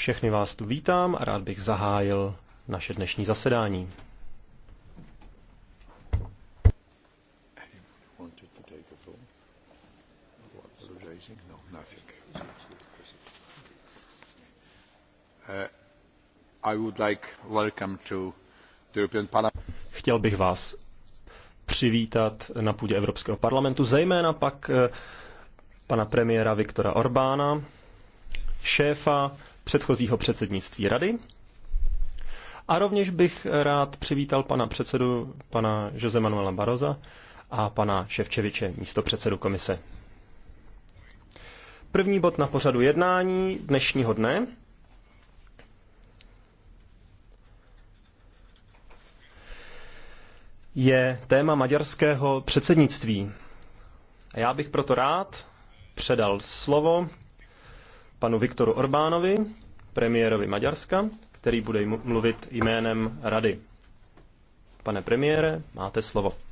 Všechny vás tu vítám a rád bych zahájil naše dnešní zasedání. Uh, Chtěl bych vás přivítat na půdě Evropského parlamentu, zejména pak eh, pana premiéra Viktora Orbána, šéfa předchozího předsednictví rady. A rovněž bych rád přivítal pana předsedu, pana Jose Manuela Baroza a pana Ševčeviče, místo předsedu komise. První bod na pořadu jednání dnešního dne je téma maďarského předsednictví. A já bych proto rád předal slovo panu Viktoru Orbánovi, premiérovi Maďarska, který bude mluvit jménem Rady. Pane premiére, máte slovo.